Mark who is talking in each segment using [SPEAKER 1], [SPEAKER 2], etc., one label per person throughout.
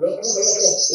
[SPEAKER 1] Merci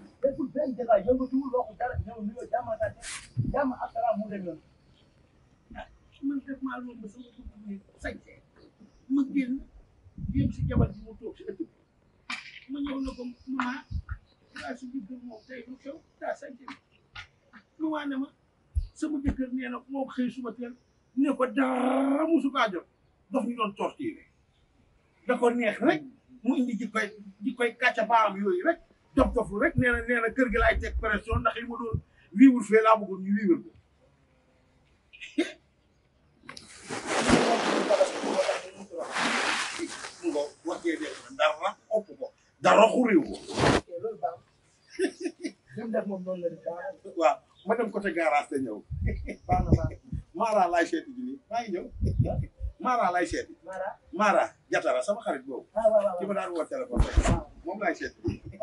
[SPEAKER 1] deful benn dégâts yëngatuwul waxul dara ñëw nuyoo jàmmatante jàmm ak salaam mu dem yoon man def maa loolu ma sama dugg bi génn jéem si jabar mu toog si ëtt moo xëy suba ñu doon torturé da neex rek mu indi jikkoy jikkoy kàcca baam yooyu rek dof dofu rek nee na kër gi laay teg pression ndax li ma doon vivre fee laa bëggoon ñu vivre ko ngo waxee def dara ëpp ko dara xuriw ko waaw ma dem côté garage te ñëw maara laay seeti ji maa ngi ñëw maara laay seeti maara jatara sama xarit boobu ci ah, ma daan woo téléphone moom laay seeti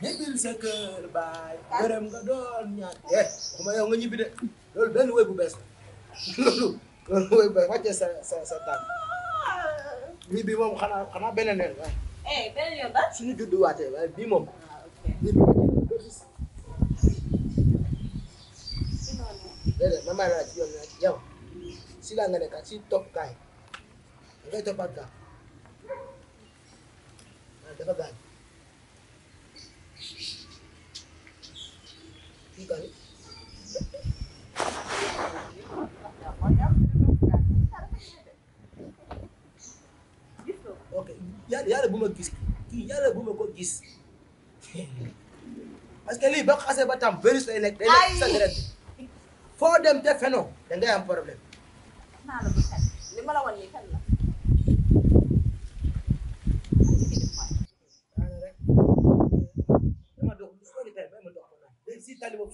[SPEAKER 1] ñibbil sa kër baay gërëm nga doon eh kuma yow nga ñibbi de loolu benn bu bees loolu loolu woy bu bees wàcce sa sa sa tànk ñibbi moom xanaa xanaa beneen yoon waaye eh beneen yoon ya, ba suñu juddu waatee ah, waaye bii moom ñibbi déedéet ma may laaj yoon laaj yow si laa nga nekkaat si topp kaay ngay toppaat nah, kaa dafa gaañ ok yàlla bu ma gis kii yàlla bu ma ko gis parce que lii ba xasee ba tam virus lay nekk day foo dem te fenoo da am problème.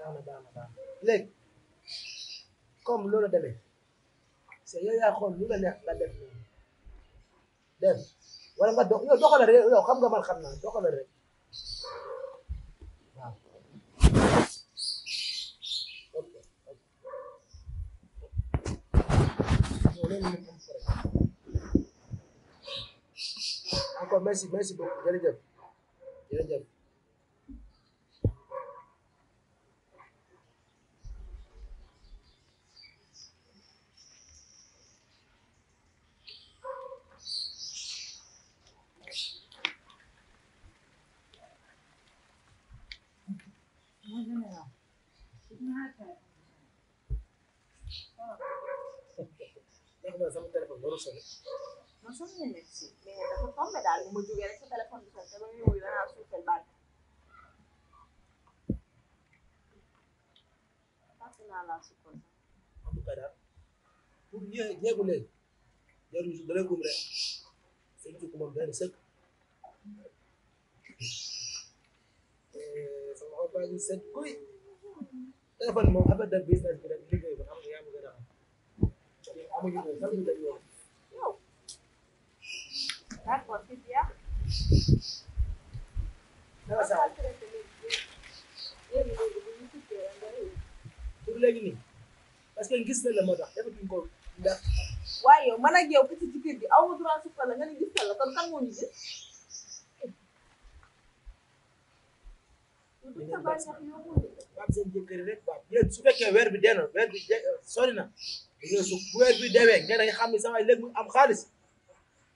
[SPEAKER 1] baax na baax na baax na léegi comme loolu demee c'est la neex nga def noonu dem wala nga dox yow doxala rek yow xam nga man xam naa doxala rek waaw encore merci merci beaucoup jërëjëf jërëjëf sale. No son ni en el sí. Mientras que hombre, algo muy lluvia de ese teléfono, se eh, te ven y vuelven a su celular. على سكون ابو كذا هو يقول لي يقول لي يقول لي سيدكم من بين سك فهو بعد سد كوي تعرف المحبة ده بيزنس كده بيجي يعمل كده عم يعمل كده عم يقول pour léegi nii parce que gis na la moo tax defatuñ ko ndax. waaye yow man ak yow ku ci kër gi aw ma droit su la bi dee na weer bi sori na bu weer bi deewee ngeen xam ne sama am xaalis.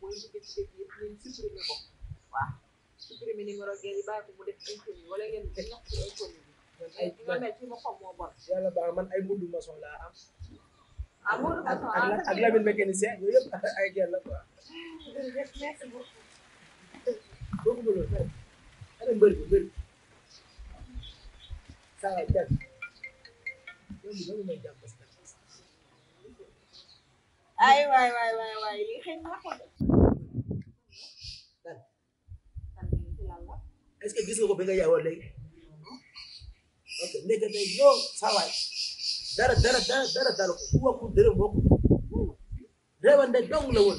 [SPEAKER 1] mooy superficie bi yëpp ñu supprimer ko waaw def inconnu wala ngeen di ñaq ci inconnu man ay man ay yàlla baax man ay mbuutu maçon laa am.
[SPEAKER 2] ah mbuutu maçon ah ak ak Lamine
[SPEAKER 1] mécanicien yooyu yëpp ay gel la quoi. jërëjëf merci beaucoup. boobu nga loolu rek. ana mbër bi mbër bi. saa waay jàpp. ay waay waay waay waay li xëy na ko def. est-ce que gis nga ko bi nga yeewoo léegi. ok léegi nag yow saa waay dara dara dara dara dara ku bokkul dërëm bokkul. réewante dong la woon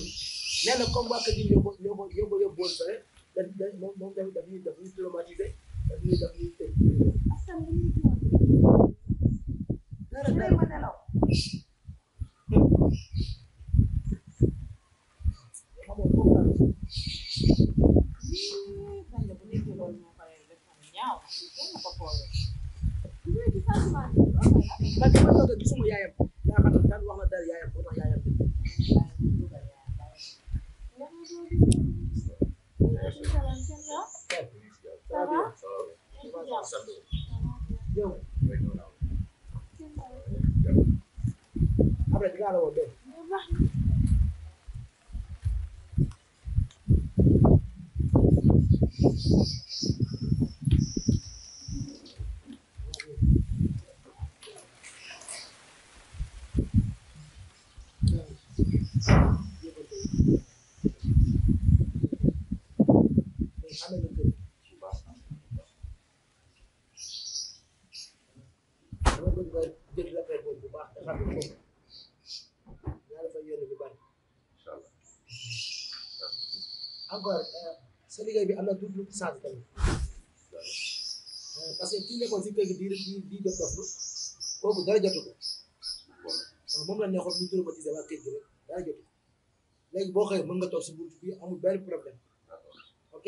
[SPEAKER 1] nee na comme waa kër gi ñoo ko ñoo ko ñoo ko yóbbuwoon fële da da moom moom tamit daf ñuy daf ñuy traumatisé daf ñuy daf ñuy tëj. dara dara. man dama toog gisuma yaayam daa xam daan wax na dara yaayam boo tax yaayam yow après dinaa la woo encore euh, sa liggéey bi am na tuuti euh, lu parce que kii nekkoon si kër gi di di di kooku dara jotu ko moom la neexoon ñu traumatisé waa kër gi rek dara jotu ko boo xëyee mën nga toog si buntu bi amul benn problème ok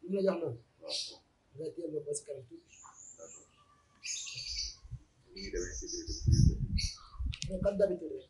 [SPEAKER 1] li mu la jox noonu nga téel ma ba si kanam tuuti comme d'habitude